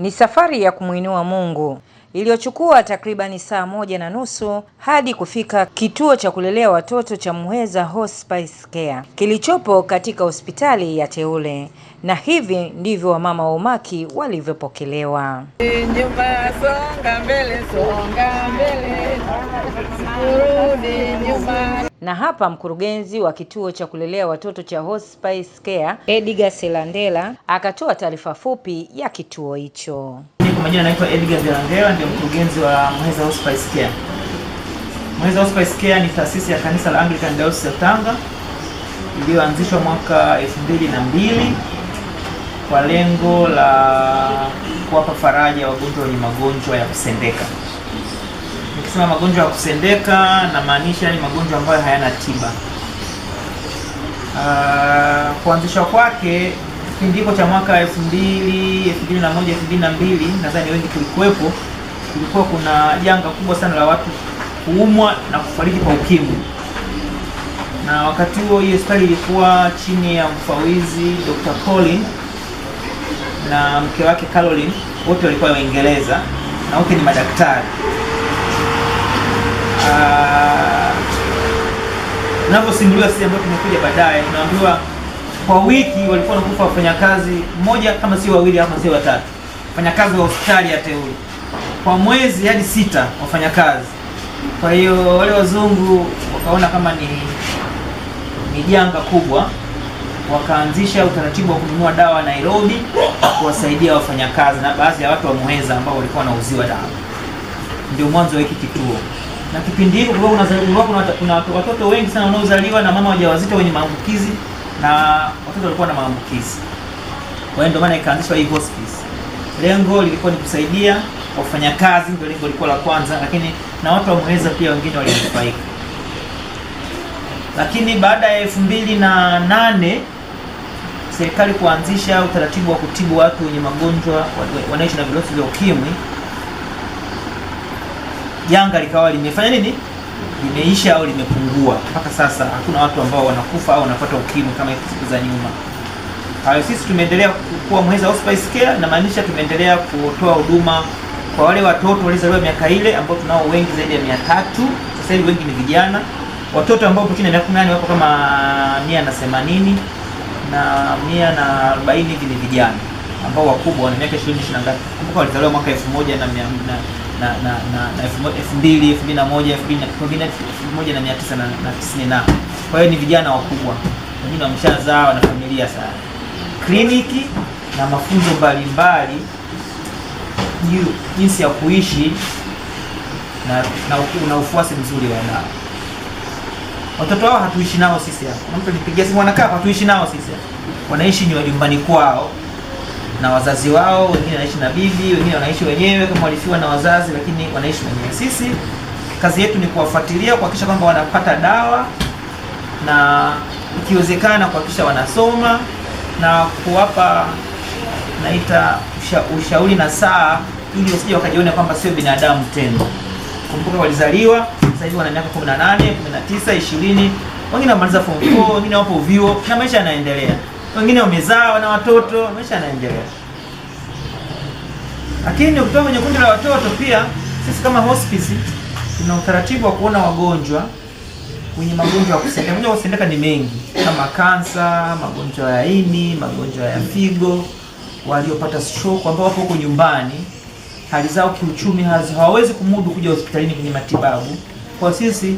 Ni safari ya kumwinua Mungu iliyochukua takribani saa moja na nusu hadi kufika kituo cha kulelea watoto cha Muheza Hospice Care kilichopo katika hospitali ya Teule, na hivi ndivyo wamama wa umaki walivyopokelewa. Nyuma songa mbele, songa mbele, nyuma. Na hapa mkurugenzi wa kituo cha kulelea watoto cha Hospice Care Edgar Selandela akatoa taarifa fupi ya kituo hicho. Kwa majina naitwa Edgar Selandela, ndio mkurugenzi wa mweza Hospice Care. Mweza Hospice Care ni taasisi ya kanisa la Anglican Diocese ya Tanga iliyoanzishwa mwaka 2002 kwa lengo la kuwapa faraja wagonjwa wenye magonjwa ya kusendeka kusema magonjwa ya kusendeka namaanisha ni magonjwa ambayo hayana tiba. Uh, kuanzishwa kwake kipindiko cha mwaka 2000, nadhani wengi kulikuwepo kulikuwa kuna janga kubwa sana la watu kuumwa na kufariki kwa ukimwi, na wakati huo hii hospitali ilikuwa chini ya mfawizi Dr. Colin na mke wake Caroline, wote walikuwa Waingereza na wote ni madaktari. Uh, navyosimuliwa sisi ambayo tumekuja baadaye, tunaambiwa kwa wiki walikuwa wanakufa wafanyakazi moja kama sio wawili ama sio watatu, wafanyakazi wa hospitali ya Teule, kwa mwezi hadi sita wafanyakazi. Kwa hiyo wale wazungu wakaona kama ni ni janga kubwa, wakaanzisha utaratibu wa kununua dawa Nairobi kuwasaidia wafanyakazi na baadhi ya watu wa Muheza ambao walikuwa wanauziwa dawa. Ndio mwanzo wa hiki kituo na kipindi hiko kulikuwa kuna, kuna, kuna watoto wengi sana wanaozaliwa na mama wajawazito wenye maambukizi na watoto walikuwa na maambukizi. Kwa hiyo ndio maana ikaanzishwa hii hospice. Lengo lilikuwa ni kusaidia wafanyakazi, ndio lengo lilikuwa la kwanza, lakini na watu wameweza pia, wengine walinufaika. Lakini baada ya elfu mbili na nane serikali kuanzisha utaratibu wa kutibu watu wenye magonjwa wanaishi na virusi vya ukimwi Yanga likawa limefanya nini, limeisha au limepungua. Mpaka sasa hakuna watu ambao wanakufa au wanapata ukimwi kama siku za nyuma. Hayo sisi tumeendelea kuwa Muheza Hospice Care, namaanisha tumeendelea kutoa huduma kwa wale watoto walizaliwa miaka ile ambao tunao wengi zaidi ya mia tatu sasa hivi, wengi ni vijana. Watoto ambao chini ya miaka 18 wako kama mia na themanini na mia na arobaini hivi ni vijana ambao wakubwa wana miaka ishirini na ngapi, kumbuka walizaliwa mwaka elfu moja na mia na na na elfu mbili elfu mbili na moja elfu moja na mia tisa na tisini na kwa hiyo ni vijana wakubwa, wengine wameshazaa wana familia sana. Kliniki na mafunzo mbalimbali jinsi ya kuishi na, na, na ufuasi mzuri wanao watoto hao Hatuishi nao sisi hapa, mtu nipigia simu wanakaa, hatuishi nao sisi hapa, wanaishi nyumbani kwao na wazazi wao, wengine wanaishi na bibi, wengine wanaishi wenyewe kama walifiwa na wazazi, lakini wanaishi wenyewe. Sisi kazi yetu ni kuwafuatilia, kuhakikisha kwamba wanapata dawa na ikiwezekana kuhakikisha wanasoma na kuwapa naita usha, ushauri na saa, ili wasije wakajiona kwamba sio binadamu tena. Kumbuka walizaliwa sasa hivi wana miaka 18, 19, 20, wengine wamaliza form 4, wengine wapo vyuo na maisha yanaendelea wengine wamezaa wana watoto, maisha yanaendelea. Lakini ukitoka kwenye kundi la watoto, pia sisi kama hospice tuna utaratibu wa kuona wagonjwa wenye magonjwa ya kusendeka. Magonjwa ya kusendeka ni mengi, kama kansa, magonjwa ya ini, magonjwa ya figo, waliopata stroke ambao wapo huko nyumbani, hali zao kiuchumi hawawezi kumudu kuja hospitalini kwenye matibabu. Kwa sisi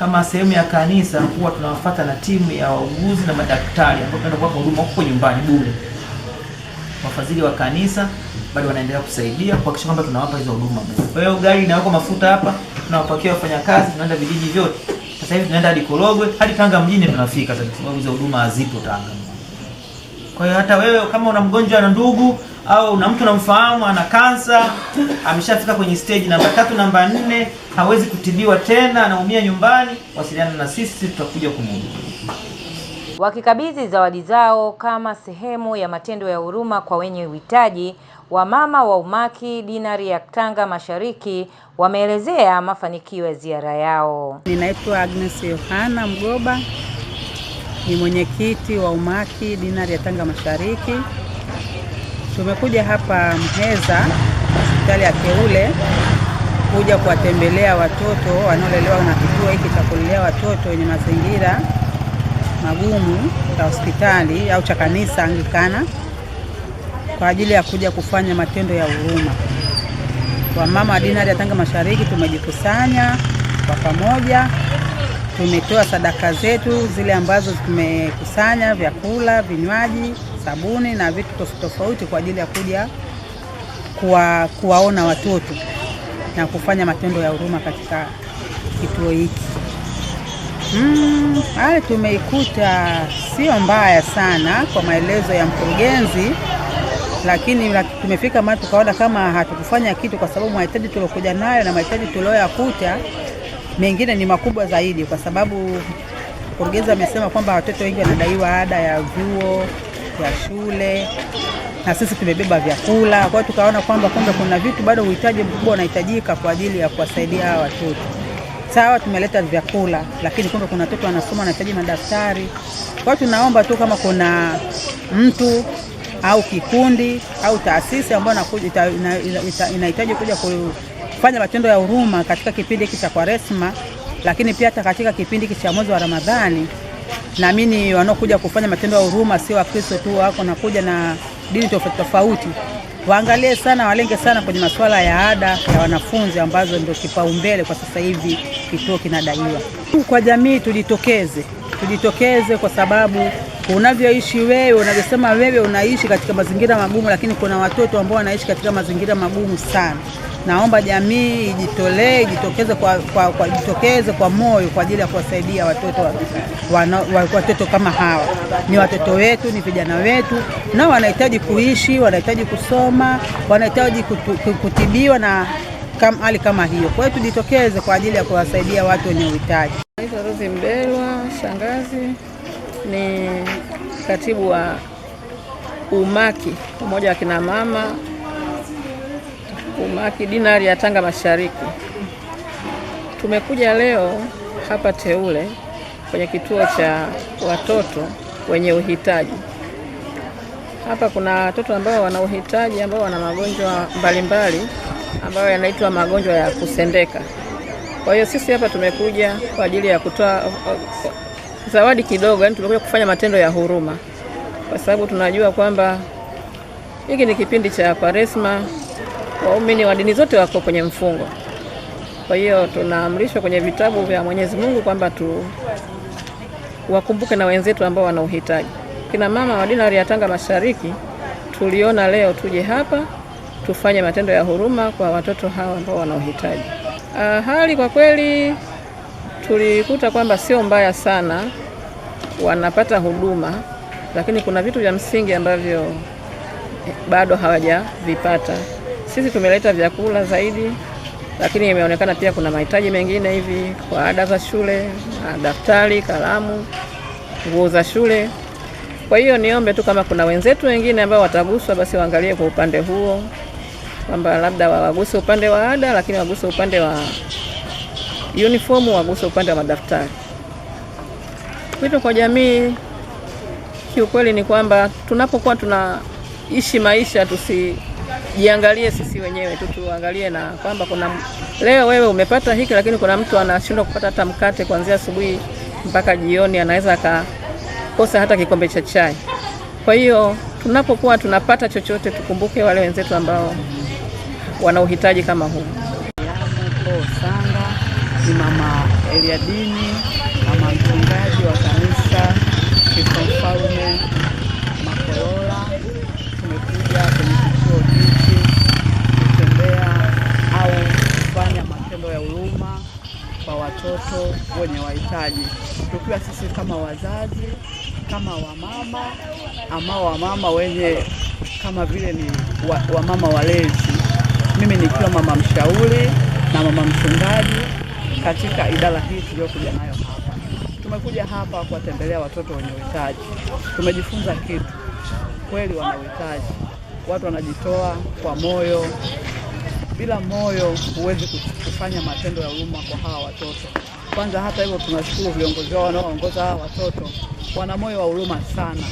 kama sehemu ya kanisa huwa tunawafuata na timu ya wauguzi na madaktari ambao tunaenda kuwapa huduma huko nyumbani bure. Wafadhili wa kanisa bado wanaendelea kusaidia kuhakikisha kwamba tunawapa hizo huduma bure. Kwa hiyo gari inawekwa mafuta hapa, tunawapakia wafanyakazi, tunaenda vijiji vyote. Sasa hivi tunaenda hadi Korogwe, hadi Tanga mjini tunafika sasa, kwa sababu hizo huduma hazipo Tanga. Kwa hiyo hata wewe kama una mgonjwa na ndugu au na mtu unamfahamu ana kansa, ameshafika kwenye stage namba tatu, namba nne, hawezi kutibiwa tena, anaumia nyumbani, wasiliana na sisi, tutakuja kumhudumia. Wakikabidhi zawadi zao kama sehemu ya matendo ya huruma kwa wenye uhitaji, wamama wa Umaki Dinari ya Tanga Mashariki wameelezea mafanikio ya ziara yao. Ninaitwa Agnes Yohana Mgoba ni mwenyekiti wa umaki dinari ya Tanga Mashariki. Tumekuja hapa Mheza hospitali ya Keule kuja kuwatembelea watoto wanaolelewa na kituo hiki cha kulelea watoto wenye mazingira magumu cha hospitali au cha kanisa Anglikana kwa ajili ya kuja kufanya matendo ya huruma. mama wa dinari ya Tanga Mashariki tumejikusanya kwa pamoja Tumetoa sadaka zetu zile ambazo tumekusanya, vyakula, vinywaji, sabuni na vitu tofauti tofauti kwa ajili ya kuja kuwa, kuwaona watoto na kufanya matendo ya huruma katika kituo hiki. Mm, hali tumeikuta sio mbaya sana kwa maelezo ya mkurugenzi, lakini tumefika mahali tukaona kama hatukufanya kitu, kwa sababu mahitaji tuliokuja nayo na mahitaji tulioyakuta mengine ni makubwa zaidi, kwa sababu mkurugenzi amesema kwamba watoto wengi wanadaiwa ada ya vyuo ya shule na sisi tumebeba vyakula. Kwa hiyo tukaona kwamba kumbe kuna vitu bado uhitaji mkubwa unahitajika kwa ajili ya kuwasaidia hawa watoto. Sawa, tumeleta vyakula, lakini kumbe kuna watoto wanasoma wanahitaji madaftari. Kwa hiyo tunaomba tu kama kuna mtu au kikundi au taasisi ambayo inahitaji kuja ku kufanya matendo ya huruma katika kipindi hiki cha Kwaresma, lakini pia hata katika kipindi hiki cha mwezi wa Ramadhani. Naamini wanaokuja kufanya matendo ya huruma sio Wakristo tu, wako nakuja na dini tofauti tofauti, waangalie sana, walenge sana kwenye masuala ya ada ya wanafunzi ambazo ndio kipaumbele kwa sasa hivi kituo kinadaiwa. Kwa jamii tujitokeze, tujitokeze kwa sababu unavyoishi wewe, unavyosema wewe unaishi katika mazingira magumu, lakini kuna watoto ambao wanaishi katika mazingira magumu sana. Naomba jamii ijitolee, ijitokeze kwa, kwa, kwa, jitokeze kwa moyo kwa ajili ya kuwasaidia watoto, watoto kama hawa. Ni watoto wetu, ni vijana wetu, na wanahitaji kuishi, wanahitaji kusoma, wanahitaji kutibiwa na hali kama hiyo. Kwa hiyo tujitokeze kwa ajili ya kuwasaidia watu wenye uhitaji. Naitwa Rozi Mbelwa Shangazi, ni katibu wa Umaki, umoja wa kina mama Umaki Dinari ya Tanga Mashariki. Tumekuja leo hapa Teule kwenye kituo cha watoto wenye uhitaji. Hapa kuna watoto ambao wana uhitaji ambao wana magonjwa mbalimbali ambayo yanaitwa magonjwa ya kusendeka. Kwa hiyo sisi hapa tumekuja kwa ajili ya kutoa zawadi kidogo, yani tumekuja kufanya matendo ya huruma, kwa sababu tunajua kwamba hiki ni kipindi cha Kwaresma waumini wa dini zote wako kwenye mfungo. Kwa hiyo tunaamrishwa kwenye vitabu vya Mwenyezi Mungu kwamba tu wakumbuke na wenzetu ambao wana uhitaji. Kina mama wa dini ya Tanga Mashariki tuliona leo tuje hapa tufanye matendo ya huruma kwa watoto hawa ambao wana uhitaji. Uh, hali kwa kweli tulikuta kwamba sio mbaya sana, wanapata huduma, lakini kuna vitu vya msingi ambavyo bado hawajavipata. Sisi tumeleta vyakula zaidi, lakini imeonekana pia kuna mahitaji mengine hivi kwa ada za shule, ah, daftari, kalamu, nguo za shule. Kwa hiyo niombe tu kama kuna wenzetu wengine ambao wataguswa, basi waangalie kwa upande huo kwamba labda waguse upande wa ada, lakini waguse upande wa uniform, waguse upande wa madaftari. Wito kwa jamii kiukweli ni kwamba tunapokuwa tunaishi maisha tusi jiangalie sisi wenyewe tu, tuangalie na kwamba kuna leo wewe umepata hiki, lakini kuna mtu anashindwa kupata hata mkate kuanzia asubuhi mpaka jioni, anaweza akakosa hata kikombe cha chai. Kwa hiyo tunapokuwa tunapata chochote, tukumbuke wale wenzetu ambao wana uhitaji kama huu. Sanga ni mama Eliadini, mama mchungaji wa kanisa watoto wenye wahitaji, tukiwa sisi kama wazazi, kama wamama ama wamama wenye kama vile ni wamama wa walezi, mimi nikiwa mama mshauri na mama mchungaji katika idara hii tuliyokuja nayo hapa. Tumekuja hapa kuwatembelea watoto wenye uhitaji, tumejifunza kitu kweli, wana uhitaji, watu wanajitoa kwa moyo bila moyo huwezi kufanya matendo ya huruma kwa hawa watoto. Kwanza hata hivyo, tunashukuru viongozi wao wanaoongoza hawa watoto wana moyo wa huruma sana.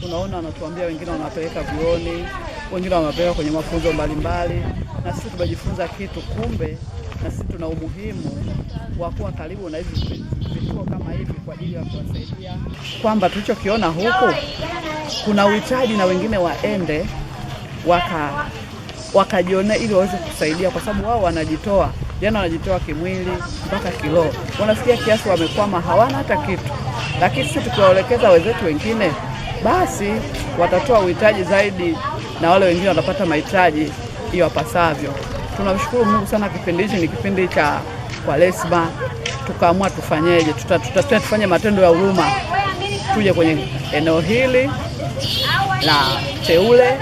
Tunaona wanatuambia, wengine wanawapeleka vioni, wengine wanawapeleka kwenye mafunzo mbalimbali, na sisi tumejifunza kitu, kumbe na sisi tuna umuhimu wa kuwa karibu na hivi vituo kama hivi kwa ajili ya kuwasaidia, kwamba tulichokiona huku kuna uhitaji na wengine waende waka wakajionea, ili waweze kusaidia, kwa sababu wao wanajitoa, jana yaani wanajitoa kimwili mpaka kiroho. Wanafikia kiasi wamekwama, hawana hata kitu, lakini sisi tukiwaelekeza wenzetu wengine, basi watatoa uhitaji zaidi na wale wengine watapata mahitaji hiyo wapasavyo. Tunamshukuru Mungu sana, kipindi hichi ni kipindi cha Kwaresma, tukaamua tufanyeje, tuta, tufanye matendo ya huruma, tuje kwenye eneo hili la teule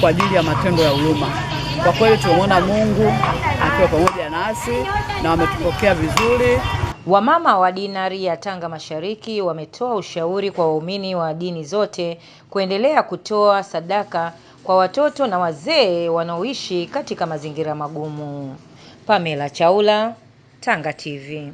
kwa ajili ya matendo ya huruma. Kwa kweli tumemwona Mungu akiwa pamoja nasi na wametupokea vizuri. Wamama wa Dinari ya Tanga Mashariki wametoa ushauri kwa waumini wa dini zote kuendelea kutoa sadaka kwa watoto na wazee wanaoishi katika mazingira magumu. Pamela Chaula, Tanga TV.